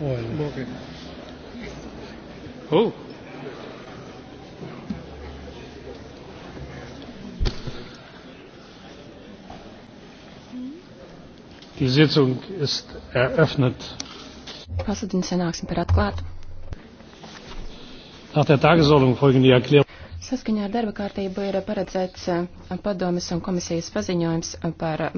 oil. Okay. Oh. Die Sitzung ist eröffnet. Pasludinu sanāksim par atklātu. Nach der Tagesordnung folgen die Erklärungen. Saskaņā ar darba kārtību ir paredzēts eh, padomes un komisijas paziņojums par